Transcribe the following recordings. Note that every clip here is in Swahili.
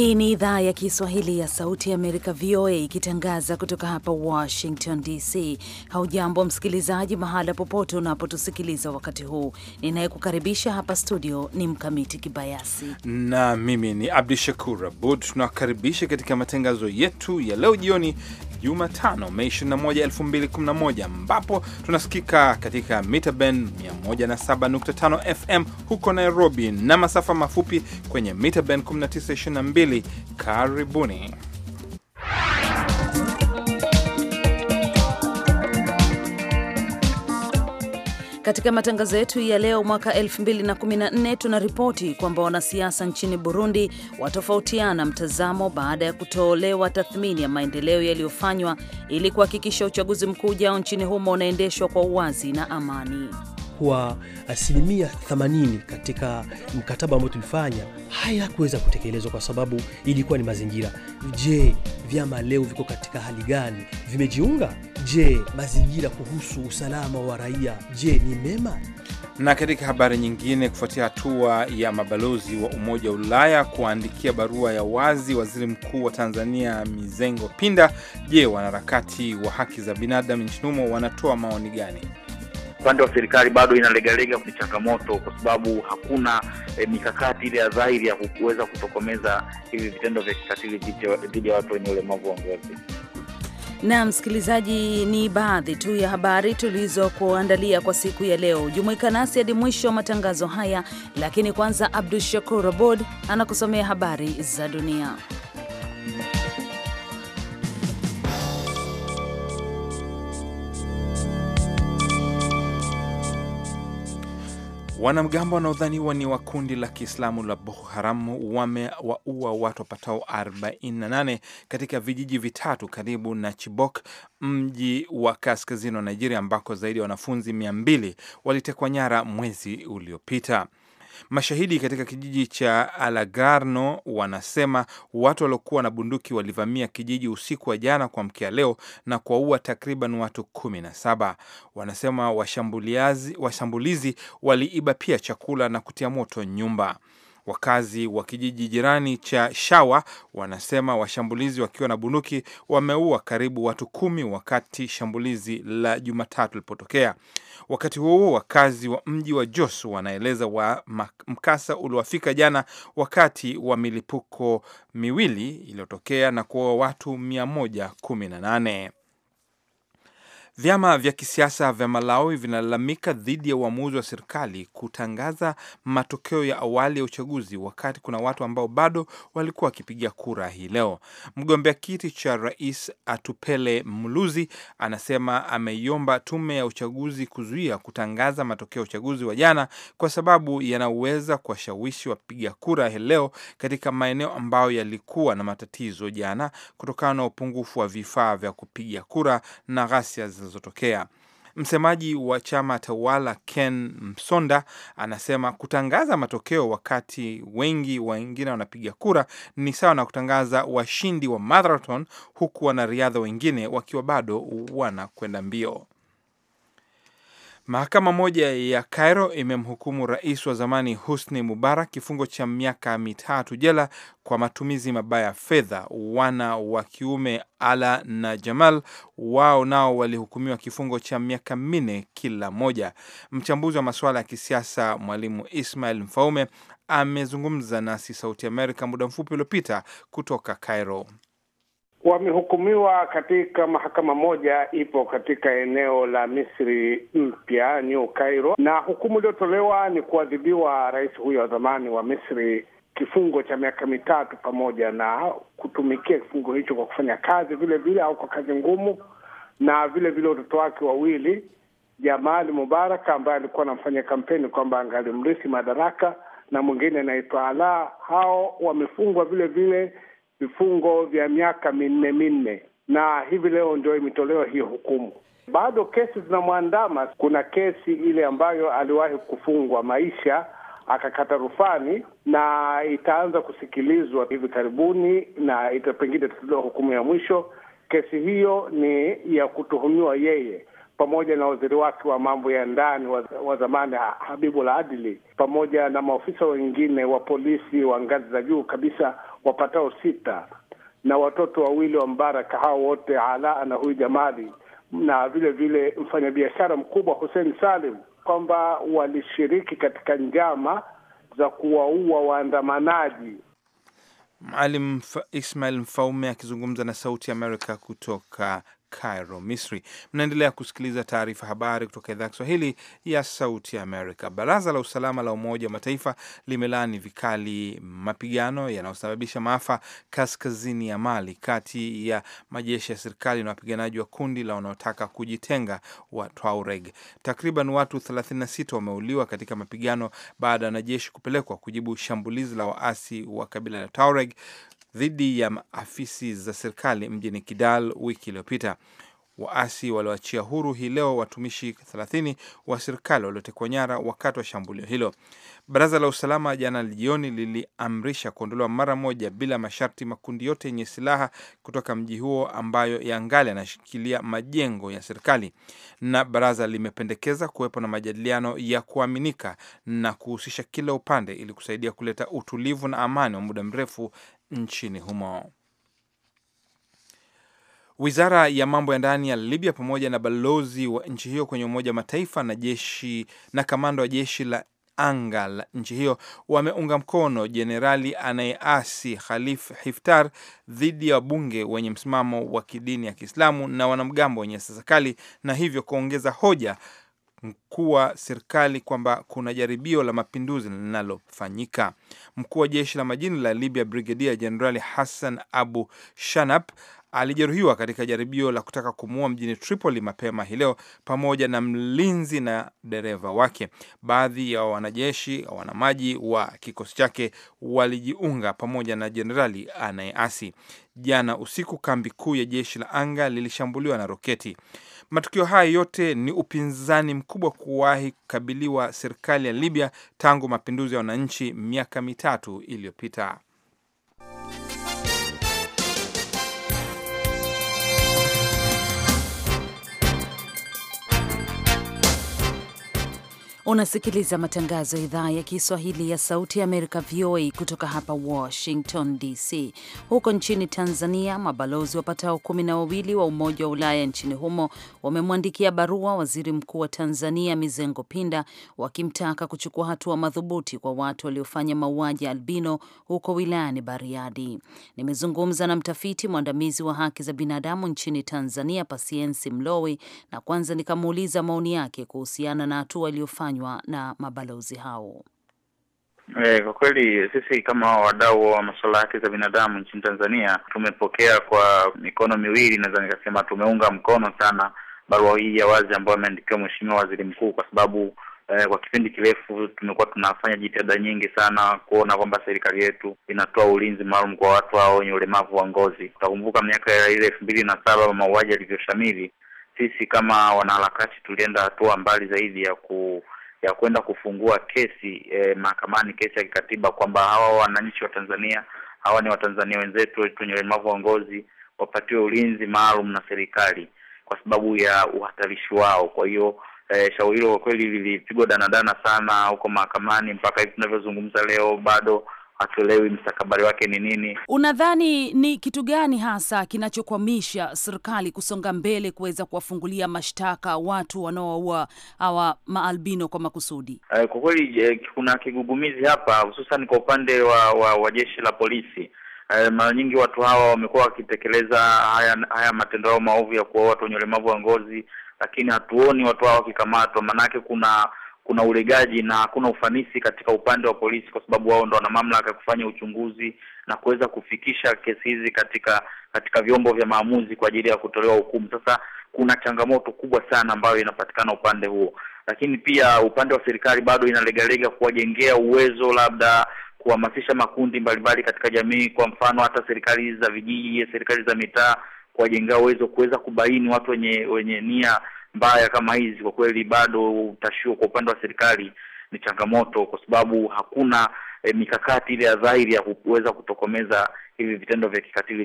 Hii ni idhaa ya Kiswahili ya Sauti ya Amerika, VOA, ikitangaza kutoka hapa Washington DC. Haujambo msikilizaji, mahala popote unapotusikiliza wakati huu. Ninayekukaribisha hapa studio ni Mkamiti Kibayasi na mimi ni Abdu Shakur Abud. Tunawakaribisha katika matangazo yetu ya leo jioni, Jumatano, Mei 21, 2011, ambapo tunasikika katika mita band 107.5 FM huko Nairobi na masafa mafupi kwenye mita band 1922. Karibuni. Katika matangazo yetu ya leo mwaka 2014 ripoti kwamba wanasiasa nchini Burundi watofautiana mtazamo baada ya kutolewa tathmini ya maendeleo yaliyofanywa ili kuhakikisha uchaguzi mkuu ujao nchini humo unaendeshwa kwa uwazi na amani kwa asilimia 80 katika mkataba ambao tulifanya hayakuweza kutekelezwa kwa sababu ilikuwa ni mazingira. Je, vyama leo viko katika hali gani? Vimejiunga? Je, mazingira kuhusu usalama wa raia, je, ni mema? Na katika habari nyingine, kufuatia hatua ya mabalozi wa Umoja wa Ulaya kuandikia barua ya wazi waziri mkuu wa Tanzania Mizengo Pinda, je, wanaharakati wa haki za binadamu nchini humo wanatoa maoni gani? upande wa serikali bado inalegalega kwenye changamoto, kwa sababu hakuna e, mikakati ile ya dhahiri ya kuweza kutokomeza hivi vitendo vya kikatili dhidi ya watu wenye ulemavu wa ngozi. Na msikilizaji, ni baadhi tu ya habari tulizokuandalia kwa siku ya leo. Jumuika nasi hadi mwisho wa matangazo haya, lakini kwanza Abdu Shakur Abod anakusomea habari za dunia. Wanamgambo wanaodhaniwa ni wa kundi la Kiislamu la Boko Haram wamewaua watu wapatao 48 katika vijiji vitatu karibu na Chibok, mji wa kaskazini wa Nigeria, ambako zaidi ya wanafunzi 200 walitekwa nyara mwezi uliopita. Mashahidi katika kijiji cha Alagarno wanasema watu waliokuwa na bunduki walivamia kijiji usiku wa jana kwa mkia leo na kuwaua takriban watu kumi na saba. Wanasema washambulizi waliiba pia chakula na kutia moto nyumba. Wakazi wa kijiji jirani cha Shawa wanasema washambulizi wakiwa na bunduki wameua karibu watu kumi wakati shambulizi la Jumatatu lilipotokea. Wakati huo huo, wakazi wa mji wa Jos wanaeleza wa mkasa uliowafika jana wakati wa milipuko miwili iliyotokea na kuua watu 118. Vyama vya kisiasa vya Malawi vinalalamika dhidi ya uamuzi wa serikali kutangaza matokeo ya awali ya uchaguzi wakati kuna watu ambao bado walikuwa wakipiga kura hii leo. Mgombea kiti cha rais Atupele Mluzi anasema ameiomba tume ya uchaguzi kuzuia kutangaza matokeo ya uchaguzi wa jana kwa sababu yanaweza kuwashawishi wapiga kura hii leo katika maeneo ambayo yalikuwa na matatizo jana kutokana na upungufu wa vifaa vya kupiga kura na ghasia zinazotokea. Msemaji wa chama tawala Ken Msonda anasema kutangaza matokeo wakati wengi wengine wanapiga kura ni sawa na kutangaza washindi wa marathon, huku wanariadha wengine wakiwa bado wanakwenda mbio. Mahakama moja ya Cairo imemhukumu rais wa zamani Husni Mubarak kifungo cha miaka mitatu jela kwa matumizi mabaya ya fedha. Wana wa kiume Ala na Jamal wao nao walihukumiwa kifungo cha miaka minne kila moja. Mchambuzi wa masuala ya kisiasa Mwalimu Ismail Mfaume amezungumza nasi Sauti Amerika muda mfupi uliopita kutoka Cairo wamehukumiwa katika mahakama moja ipo katika eneo la Misri mpya New Cairo, na hukumu iliyotolewa ni kuadhibiwa rais huyo wa zamani wa Misri kifungo cha miaka mitatu pamoja na kutumikia kifungo hicho kwa kufanya kazi vile vile au kwa kazi ngumu, na vile vile watoto wake wawili Jamali Mubaraka ambaye alikuwa anamfanya kampeni kwamba angalimrithi madaraka na mwingine anaitwa ala hao wamefungwa vile vile vifungo vya miaka minne minne, na hivi leo ndio imetolewa hiyo hukumu. Bado kesi zinamwandama. Kuna kesi ile ambayo aliwahi kufungwa maisha akakata rufani na itaanza kusikilizwa hivi karibuni, na ita pengine itatolewa hukumu ya mwisho. Kesi hiyo ni ya kutuhumiwa yeye pamoja na waziri wake wa mambo ya ndani wa zamani la Adili pamoja na maofisa wengine wa polisi wa ngazi za juu kabisa wapatao sita na watoto wawili wa Mbaraka. Hao wote Alaa na huyu Jamali na vile vile mfanyabiashara mkubwa Hussein Salim kwamba walishiriki katika njama za kuwaua waandamanaji. Maalim Ismail Mfaume akizungumza na Sauti ya Amerika kutoka Cairo, Misri. Mnaendelea kusikiliza taarifa habari kutoka idhaa ya Kiswahili ya Sauti Amerika. Baraza la Usalama la Umoja wa Mataifa limelaani vikali mapigano yanayosababisha maafa kaskazini ya Mali kati ya majeshi ya serikali na wapiganaji wa kundi la wanaotaka kujitenga wa Tuareg. Takriban watu 36 wameuliwa katika mapigano baada ya wanajeshi kupelekwa kujibu shambulizi la waasi wa kabila la Tuareg dhidi ya afisi za serikali mjini Kidal wiki iliyopita. Waasi walioachia huru hii leo watumishi 30 wa serikali waliotekwa nyara wakati wa shambulio hilo. Baraza la usalama jana jioni liliamrisha kuondolewa mara moja bila masharti makundi yote yenye silaha kutoka mji huo ambayo yangali yanashikilia majengo ya serikali, na baraza limependekeza kuwepo na majadiliano ya kuaminika na kuhusisha kila upande ili kusaidia kuleta utulivu na amani wa muda mrefu nchini humo. Wizara ya mambo ya ndani ya Libya pamoja na balozi wa nchi hiyo kwenye Umoja wa Mataifa na jeshi na kamanda wa jeshi la anga la nchi hiyo wameunga mkono jenerali anayeasi Khalif Hiftar dhidi ya wabunge wenye msimamo wa kidini ya Kiislamu na wanamgambo wenye sasa kali na hivyo kuongeza hoja mkuu wa serikali kwamba kuna jaribio la mapinduzi linalofanyika. Mkuu wa jeshi la majini la Libya, Brigedia Jenerali Hassan Abu Shanap alijeruhiwa katika jaribio la kutaka kumuua mjini Tripoli mapema hii leo, pamoja na mlinzi na dereva wake. Baadhi ya wanajeshi wanamaji wa kikosi chake walijiunga pamoja na jenerali anayeasi. Jana usiku, kambi kuu ya jeshi la anga lilishambuliwa na roketi. Matukio haya yote ni upinzani mkubwa kuwahi kukabiliwa serikali ya Libya tangu mapinduzi ya wananchi miaka mitatu iliyopita. Unasikiliza matangazo ya idhaa ya Kiswahili ya Sauti ya Amerika, VOA, kutoka hapa Washington DC. Huko nchini Tanzania, mabalozi wapatao kumi na wawili wa Umoja wa Ulaya nchini humo wamemwandikia barua Waziri Mkuu wa Tanzania Mizengo Pinda wakimtaka kuchukua hatua madhubuti kwa watu waliofanya mauaji ya albino huko wilayani Bariadi. Nimezungumza na mtafiti mwandamizi wa haki za binadamu nchini Tanzania, Pasiensi Mlowe, na kwanza nikamuuliza maoni yake kuhusiana na hatua aliyofanya kufanywa na mabalozi hao? E, kwa kweli sisi kama wadau wa masuala ya haki za binadamu nchini Tanzania tumepokea kwa mikono miwili, naweza nikasema tumeunga mkono sana barua hii ya wazi ambayo ameandikiwa Mheshimiwa Waziri Mkuu kwa sababu eh, kwa kipindi kirefu tumekuwa tunafanya jitihada nyingi sana kuona kwamba serikali yetu inatoa ulinzi maalum kwa watu hao wenye ulemavu wa ngozi. Utakumbuka miaka ya ile elfu mbili na saba mauaji yalivyoshamiri, sisi kama wanaharakati tulienda hatua mbali zaidi ya ku ya kwenda kufungua kesi eh, mahakamani, kesi ya kikatiba kwamba hawa wananchi wa Tanzania, hawa ni Watanzania wenzetu wenye ulemavu wa ngozi wapatiwe ulinzi maalum na serikali kwa sababu ya uhatarishi wao. Kwa hiyo eh, shauri hilo kwa kweli lilipigwa danadana sana huko mahakamani, mpaka hivi tunavyozungumza leo bado hatuelewi mstakabali wake ni nini. Unadhani ni kitu gani hasa kinachokwamisha serikali kusonga mbele kuweza kuwafungulia mashtaka watu wanaowaua hawa maalbino kwa makusudi? Uh, kwa kweli uh, kuna kigugumizi hapa, hususan kwa upande wa, wa, wa jeshi la polisi. Uh, mara nyingi watu hawa wamekuwa wakitekeleza haya, haya matendo yao maovu ya kuwaua watu wenye ulemavu wa ngozi, lakini hatuoni watu hawa wakikamatwa, maanake kuna kuna ulegaji na hakuna ufanisi katika upande wa polisi, kwa sababu wao ndo wana mamlaka ya kufanya uchunguzi na kuweza kufikisha kesi hizi katika katika vyombo vya maamuzi kwa ajili ya kutolewa hukumu. Sasa kuna changamoto kubwa sana ambayo inapatikana upande huo, lakini pia upande wa serikali bado inalegalega kuwajengea uwezo labda kuhamasisha makundi mbalimbali katika jamii, kwa mfano hata serikali za vijiji, serikali za mitaa, kuwajengea uwezo kuweza kubaini watu wenye wenye nia mbaya kama hizi, kwa kweli bado utashio kwa upande wa serikali ni changamoto, kwa sababu hakuna e, mikakati ile ya dhahiri ya kuweza kutokomeza hivi vitendo vya kikatili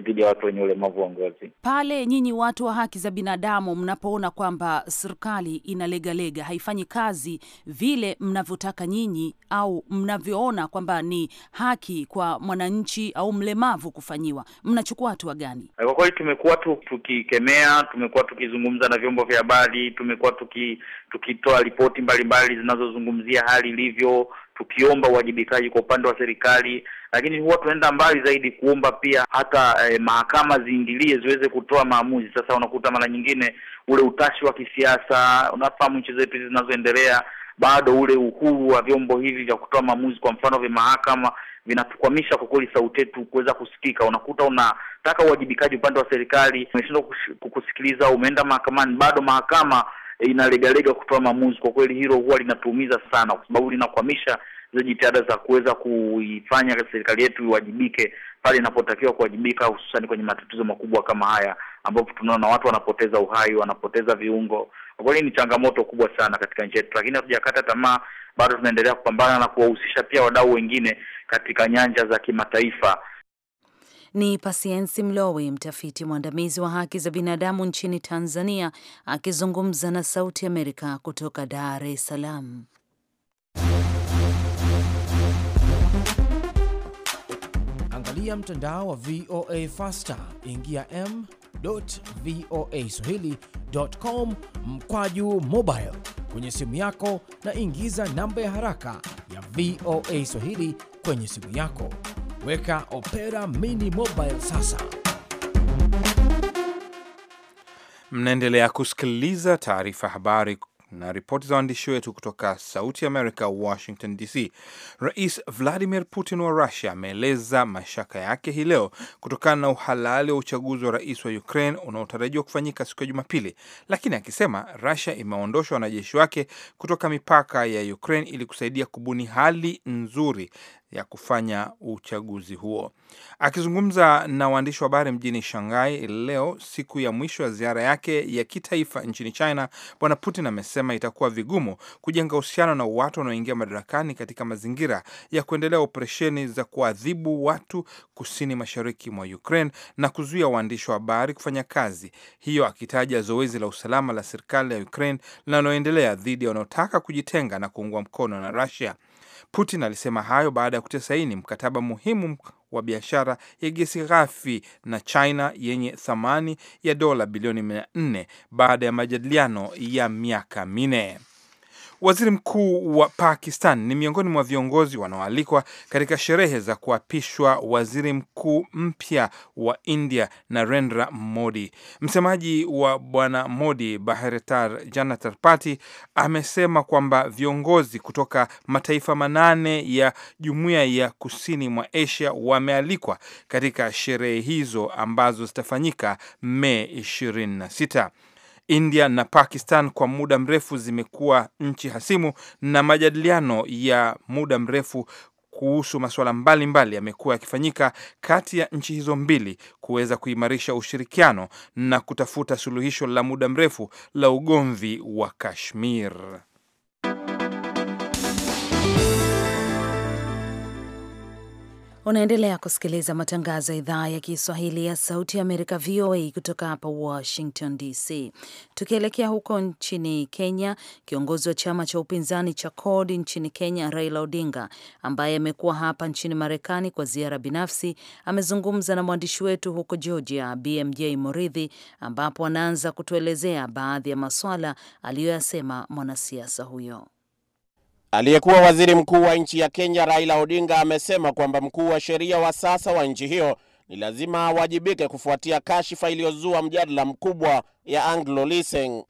dhidi ya watu wenye ulemavu wa ngozi. Pale nyinyi watu wa haki za binadamu mnapoona kwamba serikali inalegalega, haifanyi kazi vile mnavyotaka nyinyi, au mnavyoona kwamba ni haki kwa mwananchi au mlemavu kufanyiwa, mnachukua hatua gani? Eh, kwa kweli tumekuwa tu tukikemea, tumekuwa tukizungumza na vyombo vya habari, tumekuwa tuki tukitoa ripoti mbalimbali zinazozungumzia hali ilivyo tukiomba uwajibikaji kwa upande wa serikali, lakini huwa tunaenda mbali zaidi kuomba pia hata eh, mahakama ziingilie ziweze kutoa maamuzi. Sasa unakuta mara nyingine ule utashi wa kisiasa, unafahamu nchi zetu hizi zinazoendelea bado ule uhuru wa vyombo hivi vya kutoa maamuzi, kwa mfano vya mahakama, vinatukwamisha kwa kweli sauti yetu kuweza kusikika. Unakuta unataka uwajibikaji upande wa serikali, umeshindwa kukusikiliza, umeenda mahakamani, bado mahakama Eh, inalegalega kutoa maamuzi. Kwa kweli hilo huwa linatuumiza sana, kwa sababu linakwamisha zile jitihada za kuweza kuifanya serikali yetu iwajibike pale inapotakiwa kuwajibika, hususan kwenye matatizo makubwa kama haya ambapo tunaona watu wanapoteza uhai, wanapoteza viungo. Kwa kweli ni changamoto kubwa sana katika nchi yetu, lakini hatujakata tamaa, bado tunaendelea kupambana na kuwahusisha pia wadau wengine katika nyanja za kimataifa ni Pasiensi Mlowe, mtafiti mwandamizi wa haki za binadamu nchini Tanzania, akizungumza na Sauti Amerika kutoka Dar es Salaam. Angalia mtandao wa VOA Faster, ingia m.voaswahili.com mkwaju mobile kwenye simu yako na ingiza namba ya haraka ya VOA Swahili kwenye simu yako weka Opera Mini Mobile sasa. Mnaendelea kusikiliza taarifa habari na ripoti za waandishi wetu kutoka Sauti Amerika, Washington DC. Rais Vladimir Putin wa Russia ameeleza mashaka yake hii leo kutokana na uhalali wa uchaguzi wa rais wa Ukraine unaotarajiwa kufanyika siku ya Jumapili, lakini akisema Russia imeondosha wanajeshi wake kutoka mipaka ya Ukraine ili kusaidia kubuni hali nzuri ya kufanya uchaguzi huo. Akizungumza na waandishi wa habari mjini Shanghai leo, siku ya mwisho ya ziara yake ya kitaifa nchini China, Bwana Putin amesema itakuwa vigumu kujenga uhusiano na watu wanaoingia madarakani katika mazingira ya kuendelea operesheni za kuadhibu watu kusini mashariki mwa Ukraine na kuzuia waandishi wa habari kufanya kazi hiyo, akitaja zoezi la usalama la serikali ya Ukraine linaloendelea dhidi ya wanaotaka kujitenga na kuungwa mkono na Russia. Putin alisema hayo baada ya kutia saini mkataba muhimu wa biashara ya gesi ghafi na China yenye thamani ya dola bilioni 4 baada ya majadiliano ya miaka minne. Waziri mkuu wa Pakistan ni miongoni mwa viongozi wanaoalikwa katika sherehe za kuapishwa waziri mkuu mpya wa India, Narendra Modi. Msemaji wa bwana Modi, Bharatiya Janata Party, amesema kwamba viongozi kutoka mataifa manane ya jumuiya ya kusini mwa Asia wamealikwa katika sherehe hizo ambazo zitafanyika Mei 26. India na Pakistan kwa muda mrefu zimekuwa nchi hasimu na majadiliano ya muda mrefu kuhusu masuala mbalimbali yamekuwa yakifanyika kati ya nchi hizo mbili kuweza kuimarisha ushirikiano na kutafuta suluhisho la muda mrefu la ugomvi wa Kashmir. Unaendelea kusikiliza matangazo ya idhaa ya Kiswahili ya Sauti ya Amerika, VOA, kutoka hapa Washington DC. Tukielekea huko nchini Kenya, kiongozi wa chama cha upinzani cha CORD nchini Kenya, Raila Odinga, ambaye amekuwa hapa nchini Marekani kwa ziara binafsi, amezungumza na mwandishi wetu huko Georgia, BMJ Moridhi, ambapo anaanza kutuelezea baadhi ya maswala aliyoyasema mwanasiasa huyo. Aliyekuwa waziri mkuu wa nchi ya Kenya Raila Odinga amesema kwamba mkuu wa sheria wa sasa wa nchi hiyo ni lazima awajibike kufuatia kashifa iliyozua mjadala mkubwa ya Anglo Leasing.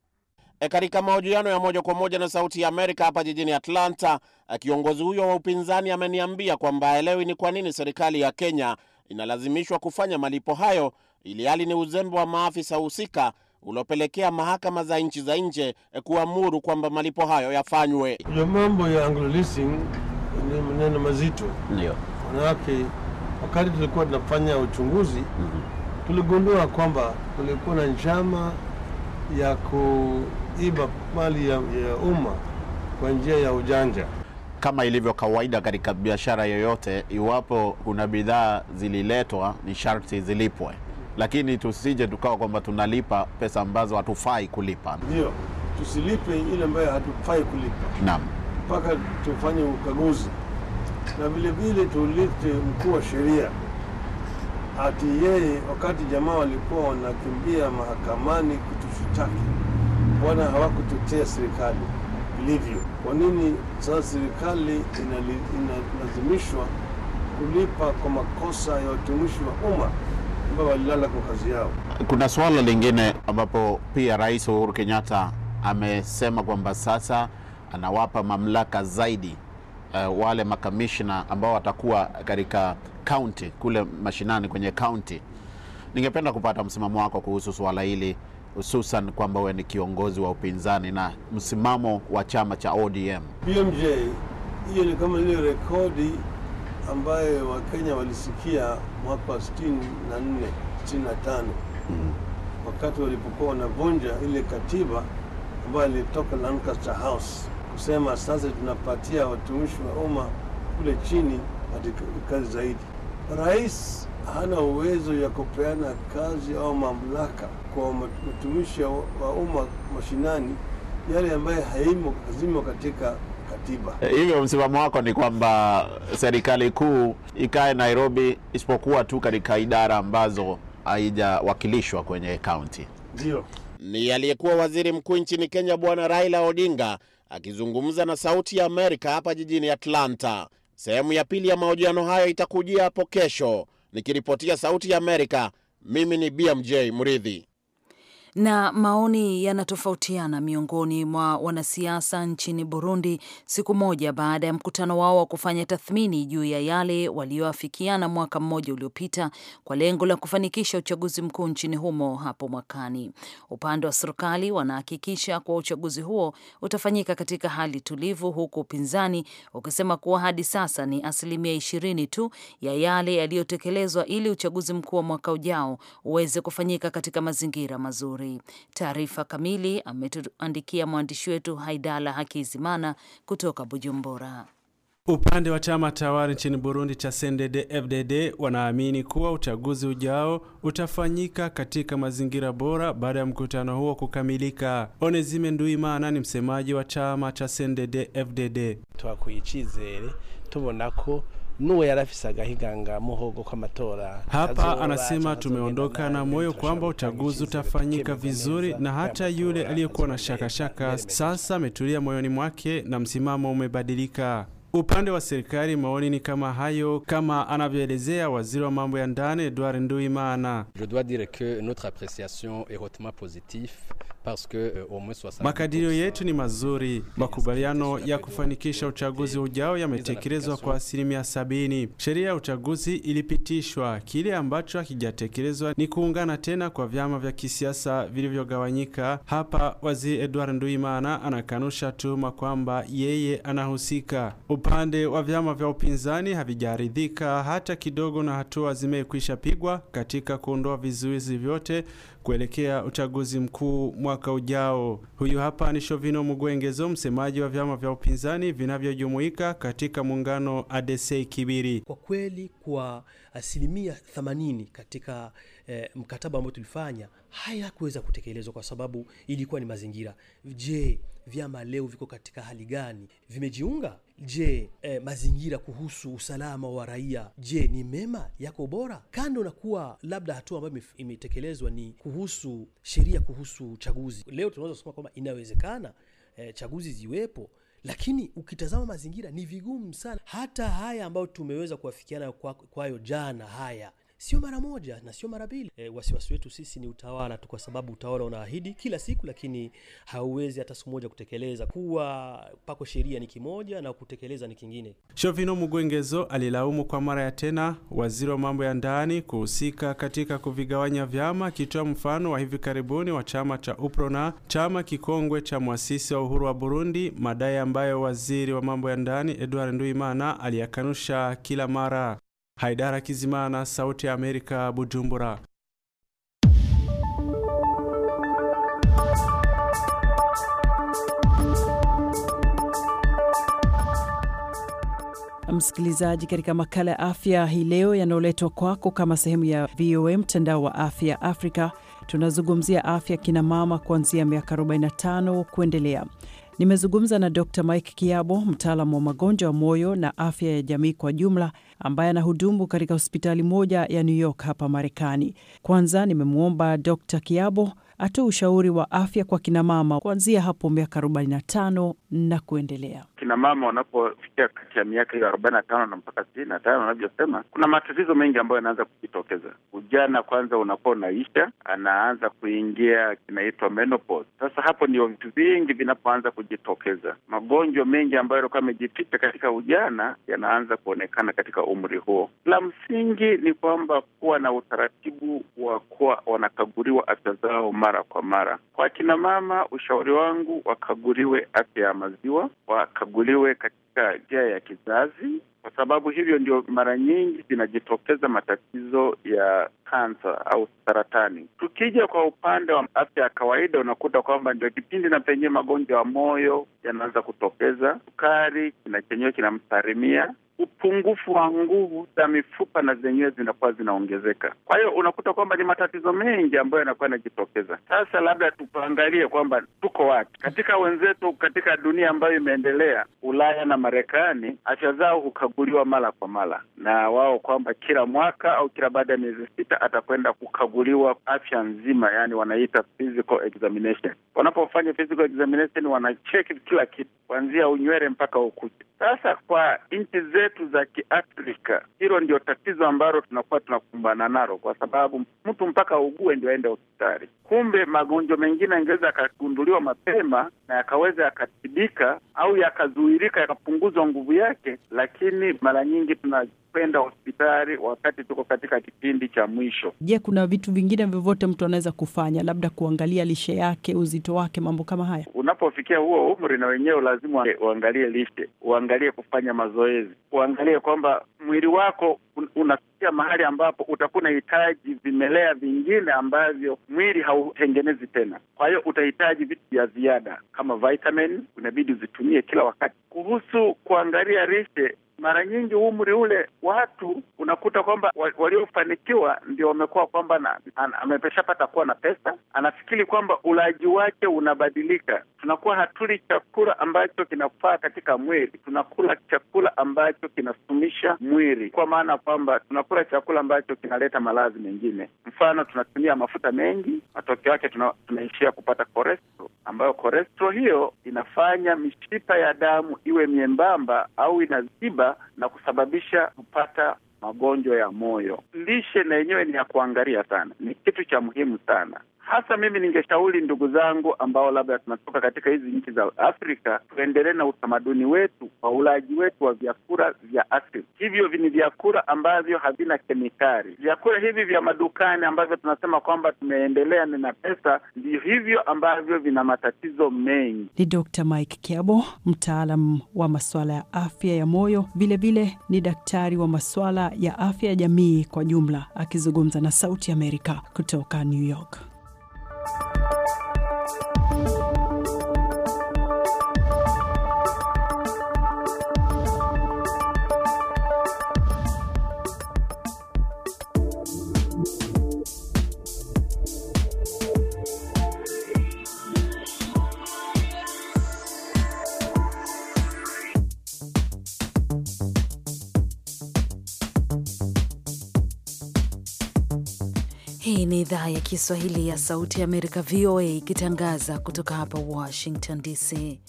E, katika mahojiano ya moja kwa moja na Sauti ya Amerika hapa jijini Atlanta, e, kiongozi huyo wa upinzani ameniambia kwamba elewi ni kwa nini serikali ya Kenya inalazimishwa kufanya malipo hayo ili hali ni uzembe wa maafisa husika uliopelekea mahakama za nchi za nje eh, kuamuru kwamba malipo hayo yafanywe. Hiyo mambo ya Anglo leasing ni maneno mazito, ndio manake wakati tulikuwa tunafanya uchunguzi mm -hmm. tuligundua kwamba kulikuwa na njama ya kuiba mali ya, ya umma kwa njia ya ujanja. Kama ilivyo kawaida katika biashara yoyote, iwapo kuna bidhaa zililetwa, ni sharti zilipwe lakini tusije tukawa kwamba tunalipa pesa ambazo hatufai kulipa. Ndio, tusilipe ile ambayo hatufai kulipa. Naam, mpaka tufanye ukaguzi na vilevile tulite mkuu wa sheria ati yeye, wakati jamaa walikuwa wanakimbia mahakamani kutushitaki, bwana, hawakutetea serikali vilivyo. Kwa nini sasa serikali inalazimishwa kulipa kwa makosa ya watumishi wa umma? ambao walilala kwa kazi yao. Kuna swala lingine ambapo pia Rais Uhuru Kenyatta amesema kwamba sasa anawapa mamlaka zaidi uh, wale makamishna ambao watakuwa katika kaunti kule mashinani kwenye kaunti. Ningependa kupata msimamo wako kuhusu swala hili, hususan kwamba wewe ni kiongozi wa upinzani na msimamo wa chama cha ODM. BMJ, hiyo ni kama ile rekodi ambayo Wakenya walisikia mwaka wa 64 65 mm. wakati walipokuwa wanavunja ile katiba ambayo ilitoka Lancaster House kusema sasa tunapatia watumishi wa umma kule chini kazi zaidi. Rais hana uwezo ya kupeana kazi au mamlaka kwa watumishi wa umma mashinani yale ambayo haimo hazimo katika katiba. Hivyo msimamo wako ni kwamba serikali kuu ikae Nairobi, isipokuwa tu katika idara ambazo haijawakilishwa kwenye kaunti. Ndio ni aliyekuwa waziri mkuu nchini Kenya Bwana Raila Odinga akizungumza na Sauti ya Amerika hapa jijini Atlanta. Sehemu ya pili ya mahojiano hayo itakujia hapo kesho. Nikiripotia Sauti ya Amerika, mimi ni BMJ Mridhi. Na maoni yanatofautiana miongoni mwa wanasiasa nchini Burundi, siku moja baada ya mkutano wao wa kufanya tathmini juu ya yale walioafikiana mwaka mmoja uliopita kwa lengo la kufanikisha uchaguzi mkuu nchini humo hapo mwakani. Upande wa serikali wanahakikisha kuwa uchaguzi huo utafanyika katika hali tulivu, huku upinzani ukisema kuwa hadi sasa ni asilimia ishirini tu ya yale yaliyotekelezwa ili uchaguzi mkuu wa mwaka ujao uweze kufanyika katika mazingira mazuri habari. Taarifa kamili ametuandikia mwandishi wetu Haidala Hakizimana kutoka Bujumbura. Upande wa chama tawala nchini Burundi cha CNDD FDD wanaamini kuwa uchaguzi ujao utafanyika katika mazingira bora baada ya mkutano huo kukamilika. Onezime Nduimana ni msemaji wa chama cha CNDD FDD. twakwicizere tubona nuwe yarafise agahiganga muhogo matora Hapa anasema tumeondoka na moyo kwamba uchaguzi utafanyika vizuri, na hata yule aliyekuwa na shakashaka sasa ametulia moyoni mwake na msimamo umebadilika. Upande wa serikali maoni ni kama hayo, kama anavyoelezea waziri wa mambo ya ndani Edward Nduimana. Je dois dire que notre appréciation est hautement positive Euh, Makadirio yetu ni mazuri. Makubaliano ya kufanikisha uchaguzi ujao yametekelezwa kwa asilimia sabini. Sheria ya uchaguzi ilipitishwa. Kile ambacho hakijatekelezwa ni kuungana tena kwa vyama vya kisiasa vilivyogawanyika. Hapa waziri Edward Nduimana anakanusha tuhuma kwamba yeye anahusika. Upande wa vyama vya upinzani havijaridhika hata kidogo na hatua zimekwisha pigwa katika kuondoa vizuizi vyote kuelekea uchaguzi mkuu mwaka ujao. Huyu hapa ni Shovino Mugwengezo, msemaji wa vyama vya upinzani vinavyojumuika katika muungano ADC Kibiri. Kwa kweli kwa asilimia 80 katika eh, mkataba ambao tulifanya hayakuweza kutekelezwa kwa sababu ilikuwa ni mazingira. Je, vyama leo viko katika hali gani, vimejiunga je, eh, mazingira kuhusu usalama wa raia je, ni mema yako bora? Kando na kuwa labda hatua ambayo imetekelezwa ni kuhusu sheria kuhusu chaguzi leo tunaweza kusema kwamba inawezekana eh, chaguzi ziwepo lakini ukitazama mazingira ni vigumu sana, hata haya ambayo tumeweza kuafikiana kwayo kwa jana, haya sio mara moja na sio mara mbili. E, wasiwasi wetu sisi ni utawala tu, kwa sababu utawala unaahidi kila siku, lakini hauwezi hata siku moja kutekeleza. Kuwa pako sheria ni kimoja na kutekeleza ni kingine. Shovino Mugwengezo alilaumu kwa mara ya tena waziri wa mambo ya ndani kuhusika katika kuvigawanya vyama, akitoa mfano wa hivi karibuni wa chama cha UPRONA, chama kikongwe cha mwasisi wa uhuru wa Burundi, madai ambayo waziri wa mambo ya ndani Edward Nduimana aliyakanusha kila mara. Haidara Kizimana, Sauti ya Amerika, Bujumbura. Msikilizaji, katika makala ya afya hii leo yanayoletwa kwako kama sehemu ya VOA mtandao wa afya Afrika, tunazungumzia afya kinamama kuanzia miaka 45 kuendelea. Nimezungumza na Dr. Mike Kiabo, mtaalamu wa magonjwa ya moyo na afya ya jamii kwa jumla, ambaye anahudumu katika hospitali moja ya New York hapa Marekani. Kwanza nimemwomba Dr. Kiabo atoe ushauri wa afya kwa kinamama kuanzia hapo miaka 45 na kuendelea. Kina mama wanapofikia kati ya miaka hiyo arobaini na tano na mpaka sitini na tano wanavyosema, kuna matatizo mengi ambayo yanaanza kujitokeza. Ujana kwanza unakuwa unaisha, anaanza kuingia kinaitwa menopause. Sasa hapo ndio vitu vingi vinapoanza kujitokeza. Magonjwa mengi ambayo yalikuwa yamejificha katika ujana yanaanza kuonekana katika umri huo. La msingi ni kwamba kuwa na utaratibu wa kuwa wanakaguliwa afya zao mara kwa mara. Kwa kina mama, ushauri wangu wakaguliwe afya ya maziwa wakaguliwe katika njia ya kizazi kwa sababu hivyo ndio mara nyingi zinajitokeza matatizo ya kansa au saratani. Tukija kwa upande wa afya ya kawaida, unakuta kwamba ndio kipindi na penyewe magonjwa ya moyo yanaanza kutokeza, sukari na chenyewe kinamsarimia upungufu wa nguvu za mifupa na zenyewe zinakuwa zinaongezeka. Kwa hiyo unakuta kwamba ni matatizo mengi ambayo yanakuwa yanajitokeza. Sasa labda tuangalie kwamba tuko wapi katika wenzetu, katika dunia ambayo imeendelea, Ulaya na Marekani, afya zao hukaguliwa mara kwa mara na wao, kwamba kila mwaka au kila baada ya miezi sita atakwenda kukaguliwa afya nzima, yani wanaita physical examination. Wanapofanya physical examination, wanacheki kila kitu kuanzia unywele mpaka ukuta. Sasa kwa nchi zetu za Kiafrika, hilo ndio tatizo ambalo tunakuwa tunakumbana nalo, kwa sababu mtu mpaka ugue ndio aende hospitali. Kumbe magonjwa mengine angeweza yakagunduliwa mapema na yakaweza yakatibika au yakazuirika, yakapunguzwa nguvu yake, lakini lakini mara nyingi tunakwenda hospitali wakati tuko katika kipindi cha mwisho. Je, kuna vitu vingine vyovyote mtu anaweza kufanya, labda kuangalia lishe yake, uzito wake, mambo kama haya? Unapofikia huo umri, na wenyewe lazima uangalie lishe, uangalie kufanya mazoezi, uangalie kwamba mwili wako un unafikia mahali ambapo utakuwa unahitaji vimelea vingine ambavyo mwili hautengenezi tena. Kwa hiyo utahitaji vitu vya ziada kama vitamin, unabidi uzitumie kila wakati. Kuhusu kuangalia lishe mara nyingi umri ule watu unakuta kwamba waliofanikiwa ndio wamekuwa kwamba ameshapata kuwa na pesa, anafikiri kwamba ulaji wake unabadilika. Tunakuwa hatuli chakula ambacho kinafaa katika mwili, tunakula chakula ambacho kinasumisha mwili, kwa maana kwamba tunakula chakula ambacho kinaleta maradhi mengine. Mfano, tunatumia mafuta mengi, matokeo yake tunaishia kupata koresi ambayo kolestro hiyo inafanya mishipa ya damu iwe miembamba au inaziba na kusababisha kupata magonjwa ya moyo. Lishe na yenyewe ni ya kuangalia sana, ni kitu cha muhimu sana. Hasa mimi ningeshauri ndugu zangu ambao labda tunatoka katika hizi nchi za Afrika, tuendelee na utamaduni wetu wa ulaji wetu wa vyakula vya asili. Hivyo ni vyakula ambavyo havina kemikali. Vyakula hivi vya madukani ambavyo tunasema kwamba tumeendelea na pesa, ndio hivyo ambavyo vina matatizo mengi. Ni Dr. Mike Kiabo, mtaalam wa masuala ya afya ya moyo, vilevile vile ni daktari wa masuala ya afya ya jamii kwa jumla, akizungumza na Sauti Amerika kutoka New York. Kiswahili ya Sauti ya Amerika, VOA, ikitangaza kutoka hapa Washington DC.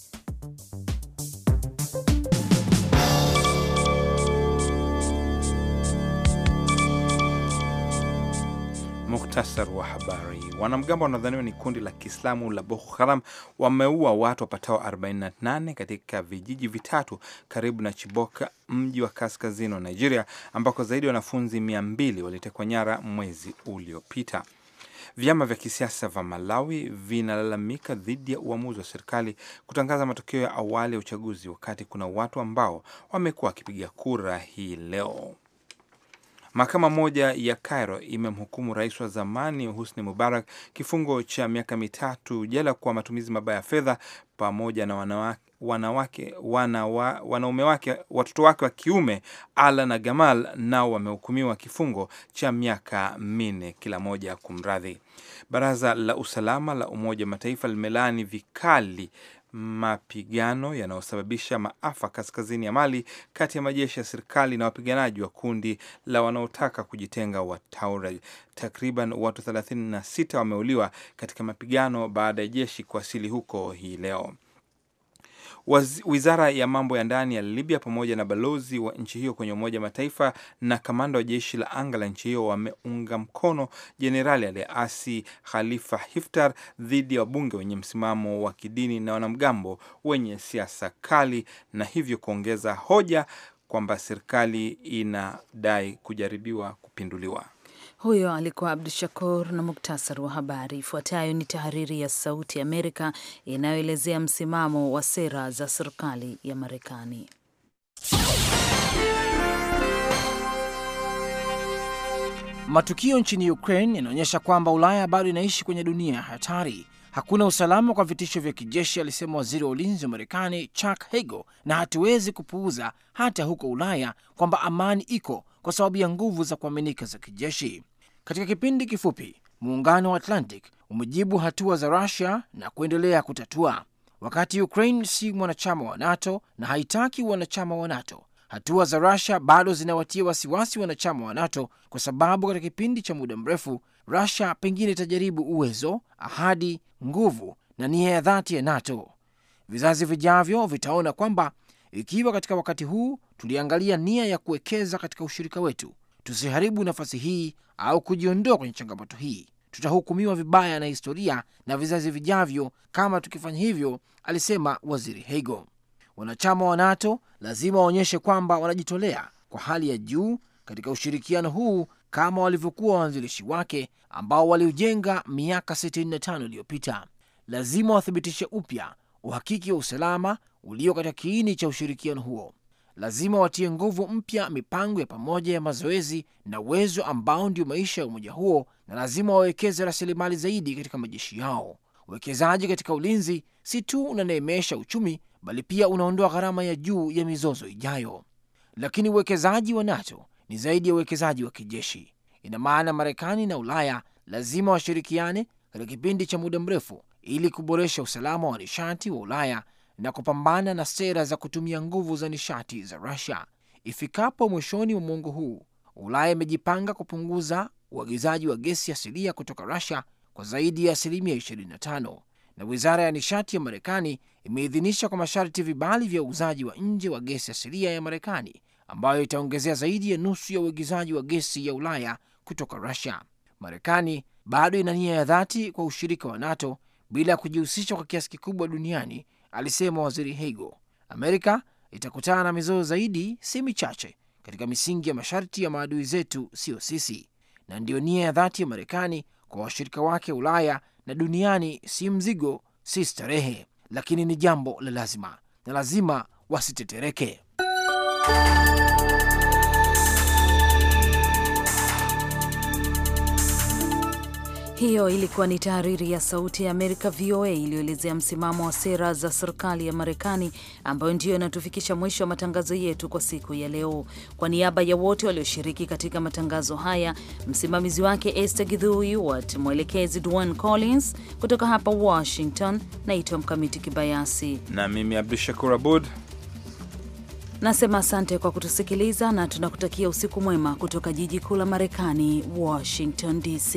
Muktasar wa habari. Wanamgambo wanaodhaniwa ni kundi la Kiislamu la Boko Haram wameua watu wapatao 48 katika vijiji vitatu karibu na Chiboka, mji wa kaskazini wa Nigeria, ambako zaidi ya wanafunzi 200 walitekwa nyara mwezi uliopita. Vyama vya kisiasa vya Malawi vinalalamika dhidi ya uamuzi wa serikali kutangaza matokeo ya awali ya uchaguzi, wakati kuna watu ambao wamekuwa wakipiga kura hii leo. Mahakama moja ya Cairo imemhukumu rais wa zamani Husni Mubarak kifungo cha miaka mitatu jela kwa matumizi mabaya ya fedha pamoja na wanawake wanawake wa, wanaume wake watoto wake wa kiume Ala na Gamal nao wamehukumiwa kifungo cha miaka minne kila moja. Kumradhi, baraza la usalama la Umoja wa Mataifa limelaani vikali mapigano yanayosababisha maafa kaskazini ya Mali kati ya majeshi ya serikali na wapiganaji wa kundi la wanaotaka kujitenga wa Tuareg. Takriban watu 36 wameuliwa katika mapigano baada ya jeshi kuwasili huko hii leo. Wizara ya mambo ya ndani ya Libya pamoja na balozi wa nchi hiyo kwenye Umoja Mataifa na kamanda wa jeshi la anga la nchi hiyo wameunga mkono jenerali aliyeasi Khalifa Haftar dhidi ya wabunge wenye msimamo wa kidini na wanamgambo wenye siasa kali, na hivyo kuongeza hoja kwamba serikali inadai kujaribiwa kupinduliwa. Huyo alikuwa Abdu Shakur na muktasari wa habari. Ifuatayo ni tahariri ya Sauti ya Amerika inayoelezea msimamo wa sera za serikali ya Marekani. Matukio nchini Ukraine yanaonyesha kwamba Ulaya bado inaishi kwenye dunia ya hatari Hakuna usalama kwa vitisho vya kijeshi, alisema waziri wa ulinzi wa Marekani Chuck Hagel, na hatuwezi kupuuza hata huko Ulaya kwamba amani iko kwa sababu ya nguvu za kuaminika za kijeshi. Katika kipindi kifupi, muungano wa Atlantic umejibu hatua za Rusia na kuendelea kutatua. Wakati Ukraine si mwanachama wa NATO na haitaki wanachama wa NATO, hatua za Rusia bado zinawatia wasiwasi wanachama wa NATO kwa sababu katika kipindi cha muda mrefu Rusia pengine itajaribu uwezo, ahadi nguvu na nia ya dhati ya NATO. Vizazi vijavyo vitaona kwamba ikiwa katika wakati huu tuliangalia nia ya kuwekeza katika ushirika wetu, tusiharibu nafasi hii au kujiondoa kwenye changamoto hii, tutahukumiwa vibaya na historia na vizazi vijavyo kama tukifanya hivyo, alisema Waziri Hego. Wanachama wa NATO lazima waonyeshe kwamba wanajitolea kwa hali ya juu katika ushirikiano huu kama walivyokuwa waanzilishi wake ambao waliujenga miaka 65 iliyopita. Lazima wathibitishe upya uhakiki wa usalama ulio katika kiini cha ushirikiano huo. Lazima watie nguvu mpya mipango ya pamoja ya mazoezi na uwezo ambao ndio maisha ya umoja huo, na lazima wawekeze rasilimali zaidi katika majeshi yao. Uwekezaji katika ulinzi si tu unaneemesha uchumi, bali pia unaondoa gharama ya juu ya mizozo ijayo. Lakini uwekezaji wa NATO ni zaidi ya uwekezaji wa kijeshi. Ina maana Marekani na Ulaya lazima washirikiane katika kipindi cha muda mrefu ili kuboresha usalama wa nishati wa Ulaya na kupambana na sera za kutumia nguvu za nishati za Rusia. Ifikapo mwishoni mwa mwongo huu, Ulaya imejipanga kupunguza uagizaji wa gesi asilia kutoka Rusia kwa zaidi ya asilimia 25, na wizara ya nishati ya Marekani imeidhinisha kwa masharti vibali vya uuzaji wa nje wa gesi asilia ya Marekani ambayo itaongezea zaidi ya nusu ya uagizaji wa gesi ya Ulaya kutoka Rusia. Marekani bado ina nia ya dhati kwa ushirika wa NATO bila ya kujihusisha kwa kiasi kikubwa duniani, alisema waziri Hego. Amerika itakutana na mizozo zaidi, si michache, katika misingi ya masharti ya maadui zetu, siyo sisi, na ndiyo nia ya dhati ya Marekani kwa washirika wake Ulaya na duniani, si mzigo, si starehe, lakini ni jambo la lazima na lazima wasitetereke. Hiyo ilikuwa ni tahariri ya Sauti ya Amerika, VOA, iliyoelezea msimamo wa sera za serikali ya Marekani, ambayo ndiyo inatufikisha mwisho wa matangazo yetu kwa siku ya leo. Kwa niaba ya wote walioshiriki katika matangazo haya, msimamizi wake Esther Githuiwat, mwelekezi Dwan Collins, kutoka hapa Washington, naitwa Mkamiti Kibayasi na mimi Abdu Shakur Abud Nasema asante kwa kutusikiliza na tunakutakia usiku mwema kutoka jiji kuu la Marekani, Washington DC.